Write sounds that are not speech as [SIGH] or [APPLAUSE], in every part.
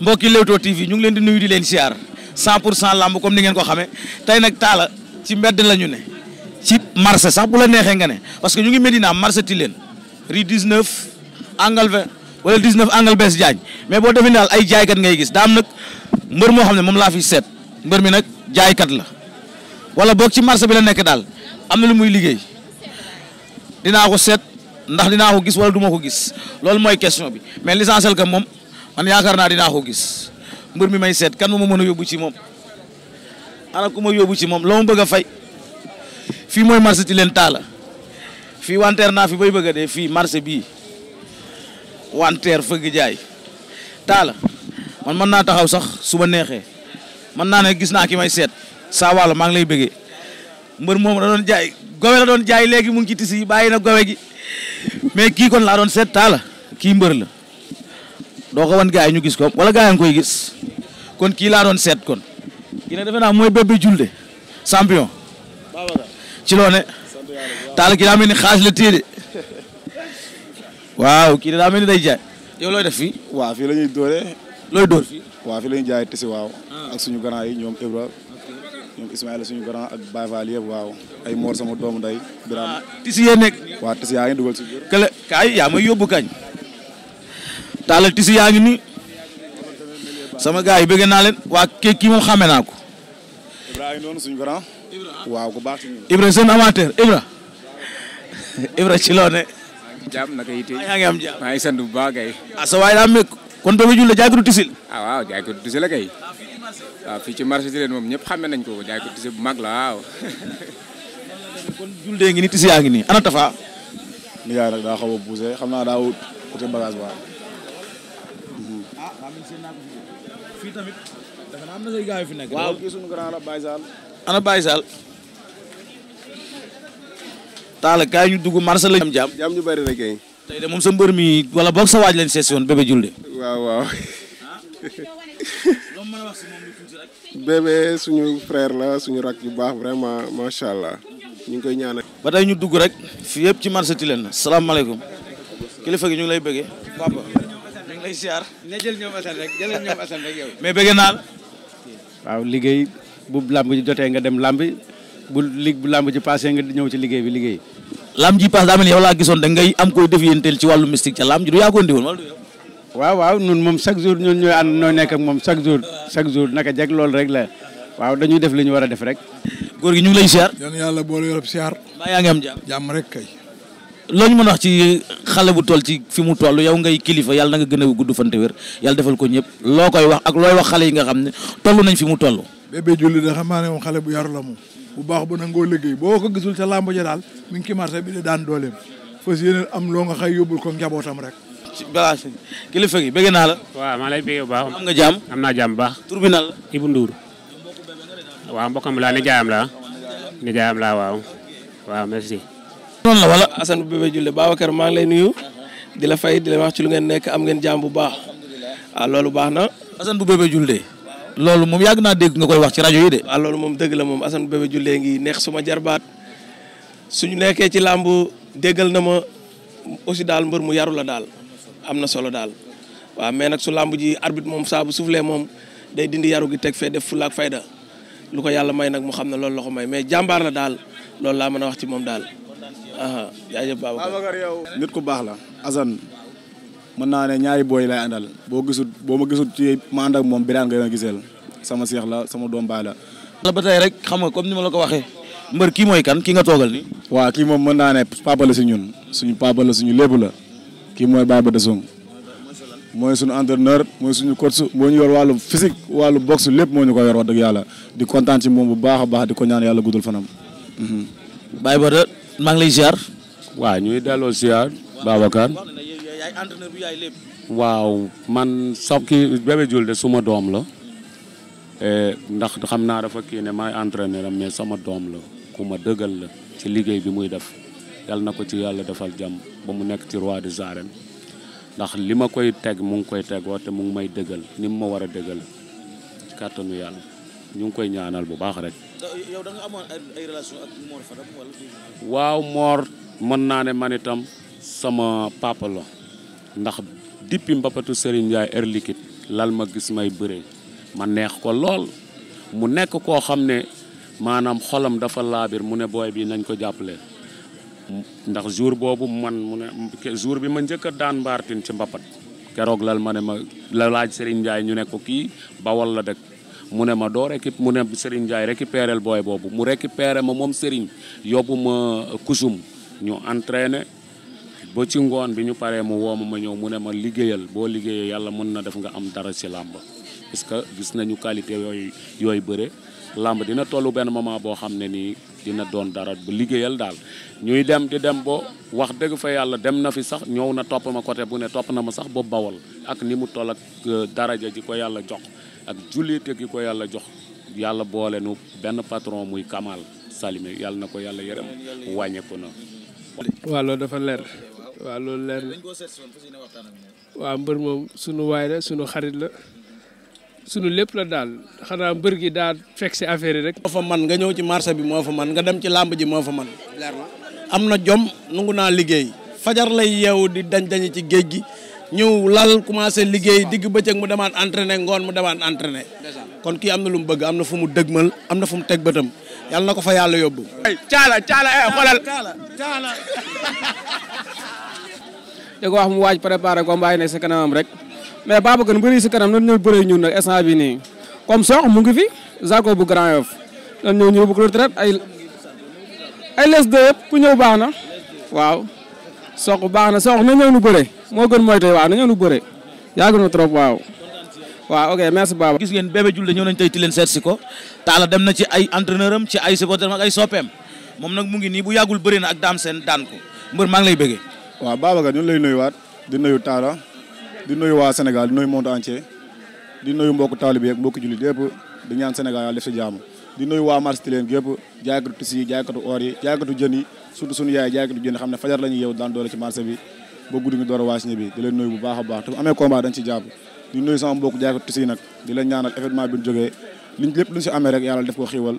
mbokki Leewtoo TV ñu ngi leen di nuyu di leen siyaar 100 pour cent lamb comme ni ngeen ko xamee tey nag taala ci mbedd la ñu ne ci marché sax bu la neexee nga ne parce que ñu ngi Medina marché Tilène rue 19 angle 20 wala 19 angle bees Diagne mais boo defee daal ay jaaykat ngay gis daa am nag mbër moo xam ne moom laa fi seet mbër mi nag jaaykat la wala boog ci marché bi la nekk daal am na lu muy liggéey dinaa ko seet ndax dinaa ko gis wala du ko gis loolu mooy question bi mais l'essentiel que moom. man yaakaar naa dinaa ko gis mbër mi may seet kan ma mën a yóbbu ci moom ana ku ma yóbbu ci moom la ma bëgg a fay fii mooy marché ci leen taala fii wanteer naa fi bay bëgg a dee fii marché bii wanteer fëgg jaay taala man mën naa taxaw sax su ma neexee mën naa ne gis naa ki may seet saa wàll maa ngi lay bëggee mbër moom da doon jaay gowe la doon jaay léegi mu ngi ci tisi yi bàyyi na gowe gi mais kii kon laa doon seet taala kii mbër la doo ko wan gars yi ñu gis ko wala gars yi koy gis kon kii laa doon seet kon kii nag defe naa mooy Bébé Diouldé champion ci loone taal kii daa mel ni xaas la téye de waaw kii daa mel ni day jaay yow looy def fii waaw fii lañuy ñuy looy door fii waaw fii la ñuy jaay tisi waaw ah. ak suñu grand yi ñoom Ibra ñoom Ismaïla suñu grand ak Baye Fall yëpp waaw ay moor sama doomu nday Birame ah, tisi yee nekk waaw tisi yaa ngi dugal si kële kaay yaa may yóbbu kañ taalal tisi yaa ngi nii sama gars yi bëgg naa leen waa kii kii moom xame naa ko. Ibrahima noonu suñu grand. waaw baax ci ñun. Ibra Ibra. [LAUGHS] Ibra ci loo ne. jàmm naka yi tey yaa ngi am jàmm maa ngi sant bu baax kay. ah sa waay daa mekk kon doomu jull ah, la jaay ko ah, fii ci marché di moom ñëpp xame nañ ko jaay bu mag la waaw. [LAUGHS] kon yaa ngi nii ana Tafa. Ndiaye nag daa xaw a xam naa daa wut côté bagage waaw. xam ne tamit dafa na am yu fi nekk. waaw kii suñu grand la Baye Sall. ana ñu dugg marché la. jam jam jam ñu bari rek moom sa mbër mi wala boog sa waaj lañ seet si woon bébé Diouldé. waaw waaw. [LAUGHS] bébé suñu frère la suñu rak yu baax vraiment macha allah ñu ngi koy ñaanal. ba tey ñu dugg rek fi yëpp ci marché Tilène la salaamaaleykum kilifa gi ñu ngi lay bëggee papa. lay ziar. jël ñoom Assane rek mais bëgg naa la. waaw liggéey bu làmb ji jotee nga dem làmb bu lig bu làmb ji passé nga ñëw ci liggéey bi liggéey. làmb ji passé daa mel ni yow laa gisoon da ngay am koy def yéenteel ci wàllu mystique ca làmb ji du yaa ko indi woon wala du yow. waaw waaw ñun moom chaque jour ñun ñooy ànd ñooy nekk moom chaque jour naka jeg loolu rek waaw dañuy def li ñu war a def rek. góor gi ñu ngi lay ziar. yéen yàlla boole yorob ziar. maa yaa ngi am jàmm. loo ñu mën wax ci xale bu toll ci fi mu toll yow ngay kilifa yàlla na nga gën a gudd fante wér yàlla defal ko ñëpp loo koy wax ak looy wax xale yi nga xam ne toll nañ fi mu toll bébé julli da xam naa ne moom xale bu yaru la moom bu baax bu nangoo liggéey boo ko gisul ca làmb ja daal mi ngi ci marché bi di daan dooleem fas yéene am loo nga xëy yóbbul ko njabootam rek balaa kilifa gi bëgg naa la waaw maa lay bëgg bu baax nga jàmm am naa jàmm baax tur bi naan la Ibou Ndour waaw mbokkam laa nijaayam laa laa waaw waaw merci noonu la bu Assane Bébé Diouldé Babacar maa ngi lay nuyu di la fay di la wax ci lu ngeen nekk am ngeen jàmm bu baax ah loolu baax na Assane bu Bébé Diouldé loolu moom yàgg naa dégg nga koy wax ci rajo yi de ah loolu moom dégg la moom Assane Bébé Diouldé ngi neex suma jarbaat suñu nekkee ci làmb déggal na ma aussi daal mbër mu yaru la daal am na solo daal waaw mais nag su làmb ji arbitre moom saa bu soufflé moom day dindi yaru gi teg fee def fulaak fayda lu ko yàlla may nag mu xam ne loolu la ko may mais jàmbaar la daal loolu laa mën a wax ci moom daal jaajëf Babacar yow nit ku baax la Assane mën naa ne ñaari booy lay àndal boo gisul boo ma gisul ci ma ànd ak moom biraan nga giseel sama seex la sama doom baay la ba tey rek xam nga comme ni ma la ko waxee mbër kii mooy kan ki nga toogal ni waa kii moom mën naa ne papa si ñun suñu papa suñu lépp la kii mooy Baye Bada Song mooy suñu entraîneur mooy suñu coach moo ñu yor wàllu physique wàllu boxe lépp moo ñu ko yor wax yàlla di kontaan ci moom bu baax a baax di ko ñaan yàlla guddal fanam mhm. Baye maa ngi lay ziar. waaw ñuy delloo ziar. Babacar. waaw man sa kii Bébé Diouldé suma doom la. E, ndax xam naa dafa kii ne maay entraîneur am mais sama doom la ku ma dëggal la ci liggéey bi muy def yàlla na ko ci yàlla defal jàmm ba mu nekk ci roi de arènes ndax li ma koy teg mu ngi koy tegoo te mu ngi may dëggal ni mu ma war a dëggal ci kàttanu yàlla. ñu ngi koy ñaanal bu baax rek. waaw moor mën naa ne man itam sama papa ndax depuis mbappatu Serigne Ndiaye Air Liquide lal ma gis may bëree ma neex ko lool mu nekk koo xam ne maanaam xolam dafa laabir mu ne booy bii nañ ko jàppale. ndax jour boobu man mu ne jour bi ma njëkk a daan mbaartin ci mbappat keroog lal ma ne ma la laaj Serigne Ndiaye ñu ne ko kii bawal la dëkk mu ne ma doo récup mu ne Serigne Ndiaye récupéré booy boobu mu peree ma moom Serigne yóbbu ma kusum ñu entraîné boo ci ngoon bi ñu paree mu woo ma ma ñëw mu ne ma liggéeyal boo liggéeyee yàlla mën na def nga am dara ci làmb parce que gis nañu qualité yooyu yooyu bëre làmb dina tollu benn moment boo xam ne nii dina doon dara bu liggéeyal daal ñuy dem di dem bo wax dëgg fa yàlla dem na fi sax ñëw na topp ma côté bu ne topp na ma sax ba bawal ak ni mu toll ak euh, daraja ji ko yàlla jox ak jullite gi ko yàlla jox yàlla boole nu benn patron muy Kamal Salime yàlla na ko yàlla yërëm wàññeeku na. waaw dafa leer waaw loolu leer na waaw mbër moom sunu waay la sunu xarit la sunu lépp la daal xanaa mbër gi daal fekk si affaire yi rek. moo fa man nga ñëw ci marché bi moo fa man nga dem ci làmb ji moo fa man leer na am na jom nangu naa liggéey fajar lay yeewu di dañ dañi ci géej gi. ñëw lal commencé liggéey digg bëccëg mu demaat entraîné ngoon mu demaat entraîné kon kii am na lu mu bëgg am na fu mu dëgmal am na fu mu teg bëtam yàlla na ko fa yàlla yóbbu. caala caala eh xoolal caala [LAUGHS] di ko wax mu waaj préparé combat yi nekk sa kanamam rek mais Babacar mbëri si kanam nan ñëw bëree ñun nag instant bi nii comme sox mu ngi fi Zarko bu Grand Yoff nan ñëw ñëw bu retraite ay ay les deux yëpp ku ñëw baax na waaw soq baax na soq na ñëw nu bëre moo gën mooy tey waaw na ñëw nu bëre yàgg na trop waaw. waaw ok merci baba gis ngeen Bébé Diouldé ñëw nañ tey ti leen seet si ko taala dem na ci ay entraîneur am ci ay supporter ak ay soppeem moom nag mu ngi nii bu yàggul bëri na ak daam seen daan ko mbër maa ngi lay bëggee waaw Babacar ñun lay waat di nuyu taala di nuyu waa senegal di nuyu monde entier di nuyu mbokk taalibe ak mbokk jullit yëpp di ñaan Sénégal yàlla def si jaamu di nuyu waa marché Tilène gépp jaaykatu tissu yi jaaykatu or yi jaaykatu jën yi surtout suñu yaay jaaykatu jën yi xam ne fajar la ñuy yow daan doole ci marché bi ba guddi ñu door a waas a ci jàpp di nuyu sama mbokk jaaykatu tissu nag di leen ñaanal événement bi ñu jógee liñ lépp luñ si amee rek yàlla def ko xiiwal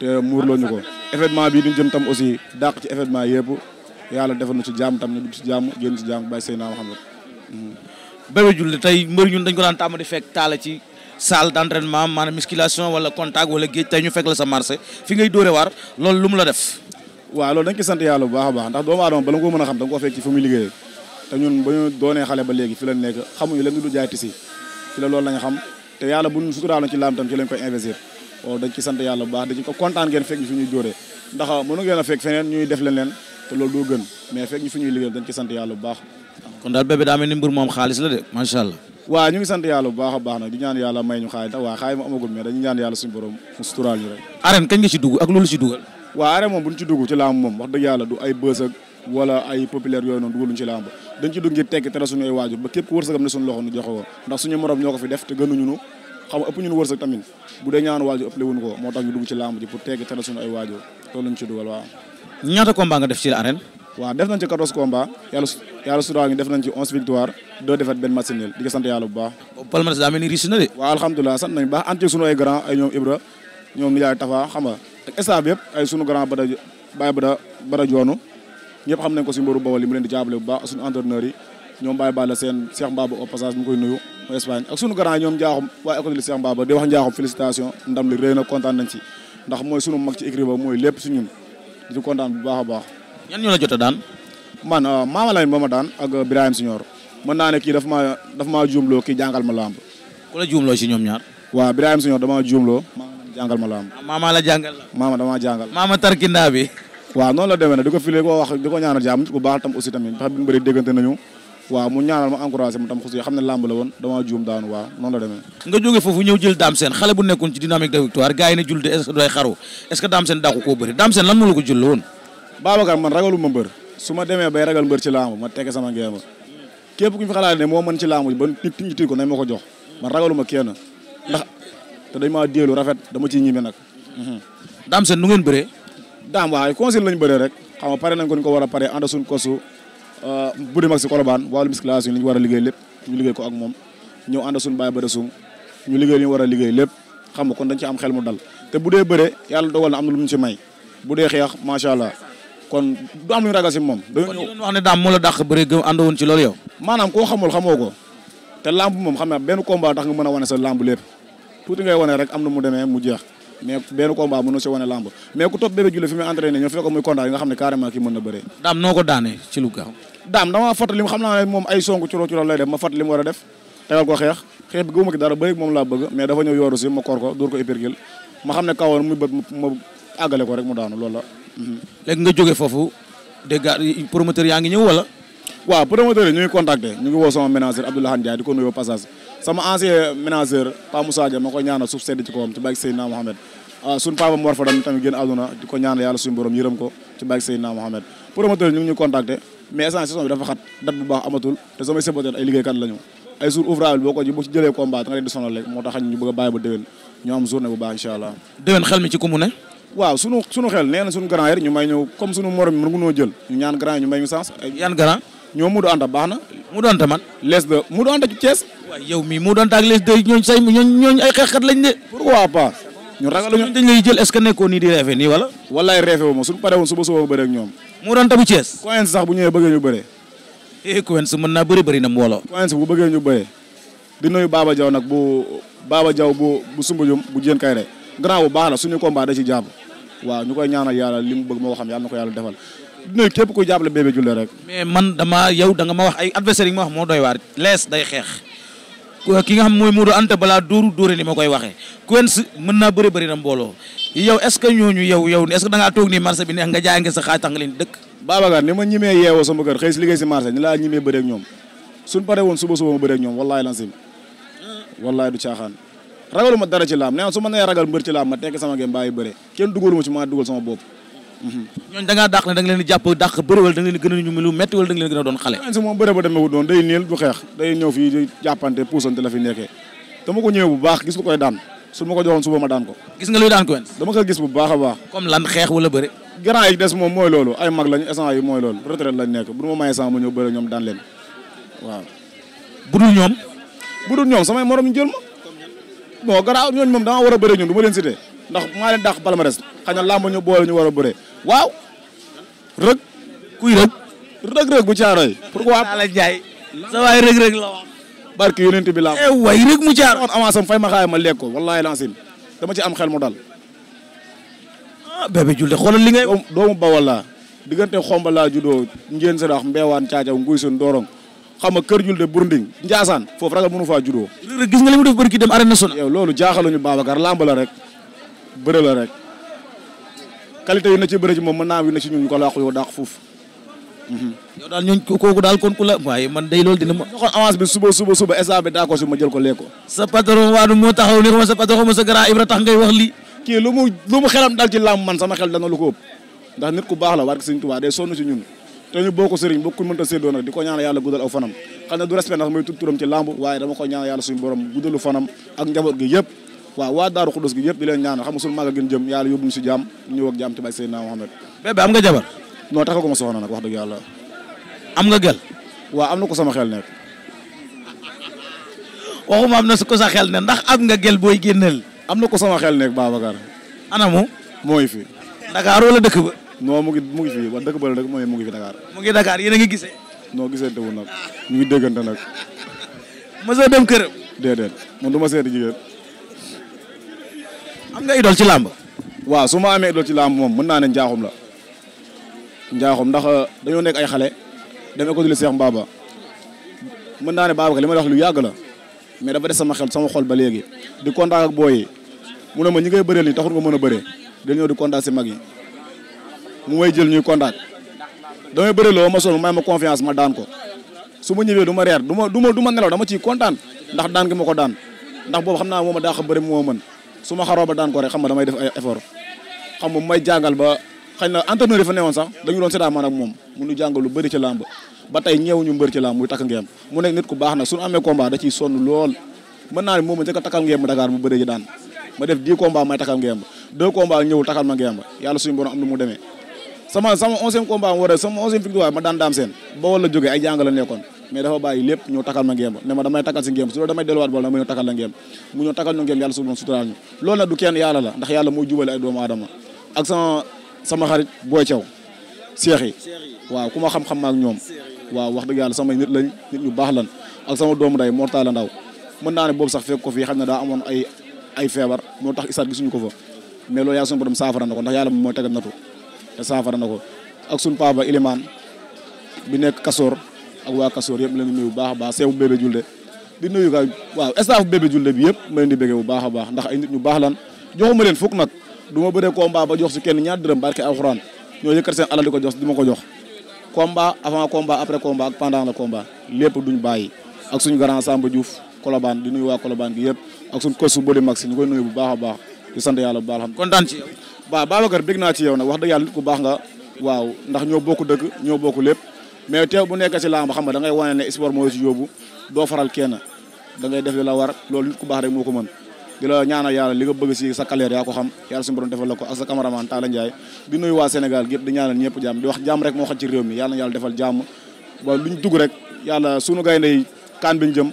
te muurloo ñu ko événement bi duñ jëm tam aussi dàq ci événement yëpp yàlla defal na ci jàmm tam ñu dugg ci jàmm génn ci jàmm bàyyi Seydina Muhammad salle d' entraînement maanaam musculation wala contact wala géej tey ñu fekk la sa marché fi ngay dóore waar loolu lu la def waaw loolu dañ ci yàlla bu baax a baax ndax doomu aadama bala nga ko mën a xam da nga ko fekk ci fu muy liggéeyee te ñun ba léegi fi la nekk xamuñu leen du jaay tisi fi la loolu xam te yàlla bu ñu suturaaloon ci ci lañ koy investir waaw dañ ci sant yàlla bu baax dañ ko kontaan ngeen fekk ñu fi ñuy dóoree ndax mënu ngeen a fekk feneen ñuy def leen te loolu doo gën mais fekk ñu fi ñuy liggéey dañ ci sant yàlla bu baax kon daal bébé daa mel ni mbir moom xaalis la de macha allah waaw ñu ngi sant yàlla bu baax a baax nag di ñaan yàlla may ñu xaay tax waaw xaay ma amagul mais dañu ñaan yàlla suñu borom mu suturaal ñu rek arène kañ nga ci dugg ak loolu ci dugal waaw arène moom buñ ci dugg ci làmb moom wax dëgg yàlla du ay bës ak wala ay ji pour tekki tere suñu ay waajur loolu lañ ci dugal waaw ñaata combat nga def ci la arène waaw def nañ ci 14 combats yàlla yàlla la ngi def nañ ci 11 victoire 2 défaites benn match nul di ko sant yàlla bu baax. palmarès daa mel ni riche na de. waaw alhamdulilah sant nañ baax ante sunu ay grand ay ñoom Ibra ñoom Ndiaye Tafa xam nga ak yëpp ay sunu grand bada Baye Bada Bada Joonu ñëpp xam nañ ko si mboru Bawol mu leen di jàppale bu baax sunu entraîneurs yi ñoom Baye Balla seen Cheikh Mbaba au passage mu koy nuyu Espagne ak sunu grand ñoom Njaaxum waa école Cheikh Mbaba di wax Njaaxum félicitation ndam li réy na kontaan nañ ci ndax mooy sunu mag ci écrit ba mooy lépp su ñun di ci baax a baax ñan ñoo la jot a daan. man euh, Maama Lamine moo ma daan ak euh, Birahim Senior mën naa ne kii daf maa daf maa juumloo kii jàngal ma lamb. ku la juumloo si ñoom ñaar. waaw Birahim Senior damaa juumloo. jàngal ma lamb. Ah, maama la jàngal la. maama damaa jàngal. maama tarkindaa bi. waaw noonu la demee nag di ko file ko wax di ko ñaanal jàmm bu baax tam aussi tamit xam nga bëri déggante nañu waaw mu ñaanal ma encouragé ma tam xusi xam ne làmb la woon damaa juum daanu waaw noonu la demee nga jógee foofu ñëw jël Dame Sène xale bu nekkoon ci dynamique de victoire gars yi ne jul de est-ce que doy xaru est-ce que Dame Sène dàqu koo bëri Dame Sène lan moo la ko jël la woon Babacar man ragalu ma mbër su ma demee bay ragal mbër ci laamu ma teg sama ngeema képp ku ñu fi xalaat ne moo mën ci laamu ba nit ñi ko nañ ma ko jox man ragalu ma kenn ndax te dañ maa déelu rafet dama ciy ñime nag. Mhm. Dame seen nu ngeen bëre bëree. Dame waaye conseil lañ bëree rek xam nga pare nañ ko ni ko war a pare ànd suñ kosu bu dem ak si kolobaan wàllu musculation li ñu war a liggéey lépp ñu liggéey ko ak moom ñëw ànd suñ bàyyi bëri ñu liggéey li war a liggéey lépp xam nga kon dañ ci am xel mu dal te bu dee bëree yàlla dogal na am mu ci may bu dee xeex macha allah kon du am lu ñu ragal si moom. dañoo wax ne daam moo la dàq bëri gëm àndoon ci loolu yow. maanaam koo xamul xamoo ko te lamb moom xam naa benn combat tax nga a wane sa lamb lépp tuuti mu demee mu jeex mais benn combat mënoo si wane lamb mais ku topp bébé julli fi xam ne carrément na moom ay songu curó mu a def tegal ko xeex xeex moom laa bëgg mais dafa ñëw yooru si ma ne kawoon muy bët ma àggale ko rek mu daanu loolu la léegi nga jóge foofu dégg nga promoteur yaa ngi ñëw wala. waaw promoteur yi ñu ngi contacter ñu ngi woo sama manager Abdoulaye Ndiaye di ko nuyoo passage sama ancien manager Pa Moussa ko ñaanal suuf sedd ci kawam ci bàyyi Seydina Mohamed ah, ko ñaanal yàlla suñu Mohamed promoteur ñu ngi ñu mais essence saison bi dafa xat date bu baax amatul te samay supporters ay liggéeykat lañu ay boo ko boo ci jëlee combat da nga leen di sonal rek moo tax ñu bëgg a ba déwén ñu journée bu baax incha allah. déwén xel mi ci waaw sunu sunu xel nee na sunu grand yi ñu may ñu comme sunu morom mën ngunoo jël ñu ñaan grand yi ñu may ñu sens yan grand ñoo Modou Anta baax na Modou Anta man lees de Modou Anta ci Thiès waaw yow mii Modou Anta ak lees de ñooñ say ñooñ ñooñ ay xeexkat lañ de pourquoi pas ñu ragaluñu dañ lay jël est ce que nekkoon nii di reefe nii wala wallaay reefe wu ma suñu pare woon suba suba ba bëre ak ñoom Modou Anta bu Thiès Coins sax bu ñëwee bëggee ñu bëree eh Coins mën naa bëri bëri na mbooloo Coins bu bëggee ñu bëree di nuyu Baba Diaw nag bu Baba Diaw bu bu Sumbujum bu Diène Kayré grand bu baax la suñu combat da ci jàpp waaw ñu koy ñaanal yàlla li mu bëgg moo xam yàlla na ko yàlla defal dinañ képp kuy jàppale Bébé Diouldé rek. mais man dama yow da ma wax ay adversaire yi ma wax moo doy waar lees day xeex ki nga xam mooy Modou Anta balaa dóoru dóore ni ma koy waxee Quench mën naa bëri bëri na mbooloo yow est ce que ñooñu yow yow est ce que da bi neex nga jaay nga sa xaaj tax nga leen dëkk Babacar ni ma ñimee yeewoo sama kër xëy si liggéey si marché ni laa ñimee bëreeg ñoom suñ pare woon suba suba ma bëreeg ñoom wallaay lansim hmm. wallaay du caaxaan ragalu ma dara ci laam nee su ma ragal mbër ci laam ma tekk sama gem bàyyi bëre kenn dugalu ci maa dugal sama bopp mhm. ñooñu da da da nga leen gën a a doon daan a leen budul ñoom budul ñoom jël ma bon garaaw ñooñu moom dama war a bëre ñun du ma leen cité ndax maa leen dàq palmarès xëy na làmb ñu boole ñu war a bëre waaw rëg kuy rëg rëg-rëg bu caaroy pourquoi la jaay sa waay rëg-rëg bi laa eh waay rëg mu caar fay ma xaay ma lekk ko wallaahi dama ci am xel mu dal ah bébé julde xoolal li ngay doomu bawal laa diggante xomba laa juddoo njéen sa dax mbeewaan caacaw nguy sun doorong xam nga kër jul de Bournding Ndiassane foofu ragal mënu faa judoo rek gis nga li mu def bëri ki dem arène nationale yow loolu jaaxaluñu Babacar làmb la rek bëre la rek qualité yu ci bëre moom mën naa yu na ci ñun ñu ko làqu yow dàq foofu mhm. yow daal ñooñ kooku daal kon ku la waaye man dey loolu dina ma joxoon avance suba suba suba esa bi daa ma jël ko lekk ko sa patron waadu moo taxaw ni xama sa patron sa grand Ibra tax ngay wax li kii lu mu lu mu xelam dal ci làmb man sama xel dana lu ko ëpp ndax nit ku baax la war ko Sëñ Tuubaa day sonn si ñun te ñu bokk sëriñ bokkul mënta séddoo nag di ko ñaanal yàlla guddal aw fanam xam ne du respect ndax muy tudd turam fanam ak njaboot gi yëpp waaw waa daaru xudus gi yëpp di leen ñaana xam nga suñu a gën jëm yàlla yóbbuñu si jàmm ñëw ak jàmm ci bay Seydina Mohamed bébé am nga jabar non taxagu ma soxna nag wax dëgg yàlla am nga gel waa am na ko sama xel nekk waxuma am na su ko sa xel ne ndax am nga gel booy génneel am na ko sama xel nekk Babacar anamu mooy fi Dakar wala dëkk non mu ngi mu ngi fii wax rek mooy mu ngi fi Dakar. mu ngi Dakar a ngi gisee. non gisante wu nag ñu ngi déggante nag. mosoo du ma seeti jigéen. am nga idol ci làmb. waaw su ma amee idol ci làmb moom mën naa ne njaaxum la. njaaxum ndax euh, dañoo nekk ay xale. demee ko duli Cheikh Mbaba. mën naa ne Babacar li ma wax lu yàgg la. mais dafa des sama xel sama xol ba léegi. di kontaan ak booy yi. mu ne ma ñi ngay bëreel nii taxul nga mën a bëree. dañoo di kontaan si mag yi. mu may jël ñuy contact damay bëri loo ma sonn may ma confiance ma daan ko su ma ñëwee du ma reer du ma du ma du ma nelaw dama ciy kontaan ndax daan gi ma ko daan ndax boobu xam naa moom a bëri moo mën su ma xaroo ba daan ko rek xam nga damay def ay xam nga may jàngal ba xëy na entraîneur yi fa newoon sax dañu doon seetaan man ak moom mu nu jàngal lu bëri ci làmb ba tey ñeewuñu mbër ci làmb muy takk ngeem mu nekk nit ku baax nag suñu amee combat da ciy sonn lool mën naa ne moom njëkk a takkal ngeem Dakar mu bëree ji daan ma def 10 combat may takkal ngeem deux combat ñëwul takkal ma ngeem yàlla suñu borom am na mu demee sama sama onzième combat ma war a sama onzième victoire ma daan daam seen ba wala jógee ay jàng la nekkoon mais dafa bàyyi lépp ñëw takkal ma ngeem ne ma damay si ngeem su loolu damay delluwaat la ngeem mu ñëw takkal ñu du kenn yàlla la ndax yàlla mooy jubale ay doomu aadama ak sama xarit boo caw seex yi waaw ku ma xam-xam maak ñoom waaw wax dëgg yàlla sama nit lañ nit ñu baax lan ak sama doomu day mortal a ndaw mën naa ne boobu sax fekk ko fi xam ne daa amoon ay ay feebar moo tax isaat gisuñu ko fa mais loolu yàlla suñu borom saafara na ko ndax yàlla mooy te saafara na ko ak suñ papa Ilimaan bi nekk Kasoor ak waa Kasoor yëpp la ñu nuyu bu baax a baax seewu bébé julde di nuyu ka waaw staff bébé julde bi yëpp ma leen di béggee bu baax a baax ndax ay nit ñu baax lan joxuma leen fukk nag du ma bëree combat ba jox si kenn ñaar dërëm barke alxuraan ñoo yëkkat seen alal di ko jox di ma ko jox combat avant combat après combat ak pendant le combat lépp duñ bàyyi ak suñu grand Samba Diouf Colobane di nuyu waa Colobane gi yëpp ak suñ kosu bodi mag si ñu koy nuyu bu baax a baax di sant yàlla bu baax alhamdulilah kontaan ci yow waaw Babacar bég naa ci yow nag wax dëgg yàlla nit ku baax nga waaw ndax ñoo bokk dëkk ñoo bokk lépp mais teew bu nekk ci làmb xam nga da ngay wane ne sport moo si yóbbu doo faral kenn da def la war loolu nit ku baax rek moo ko mën di la ñaanal yàlla li nga bëgg si sa carrière yaa ko xam yàlla suñu borom defal la ko ak sa cameraman Talla di wax jàmm rek moo xam ci réew mi yàlla na yàlla defal jàmm ba luñ dugg rek yàlla suñu gaynde yi kaan biñ jëm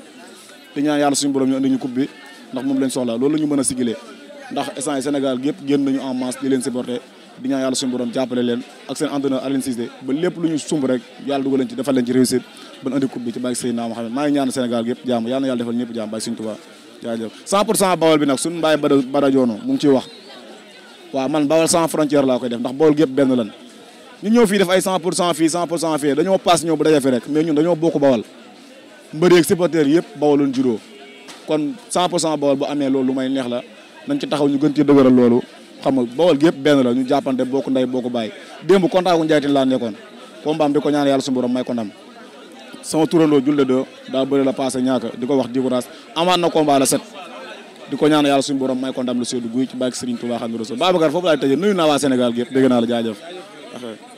di ñaan yàlla suñu borom ñu indi ñu coupe bi ndax moom lañ soxla loolu la ñu mën a ndax instant yi Sénégal yëpp génn nañu en masse di leen supporter di ñaan yàlla suñu borom jàppale leen ak seen entraîneur Aliou Cissé ba lépp lu ñu sumb rek yàlla dugal leen ci defal leen ci réussite ban andi coupe laa koy def ndax Bawol yëpp benn lan ñu ñëw fii def ay 100 pour cent fii 100 pour cent fii dañoo paas ñëw bu daje fi rek mais ñun dañoo bokk Bawol mbëri ak kon 100 pour Bawol bu amee loolu lu may neex la nañ ci taxaw ñu gën ci dëgëral loolu xam nga bawal gi yëpp benn la ñu jàppante bokk ndey bokk bàyyi démb kontaan ku njaaytin laa nekkoon combat am di ko ñaan yàlla suñu borom may ko ndam sama turandoo julde de daa bëri la passé ñaaka di ko wax divorce amaat na combat la set di ko ñaan yàlla naa waa Sénégal gi yëpp dégg la jaajëf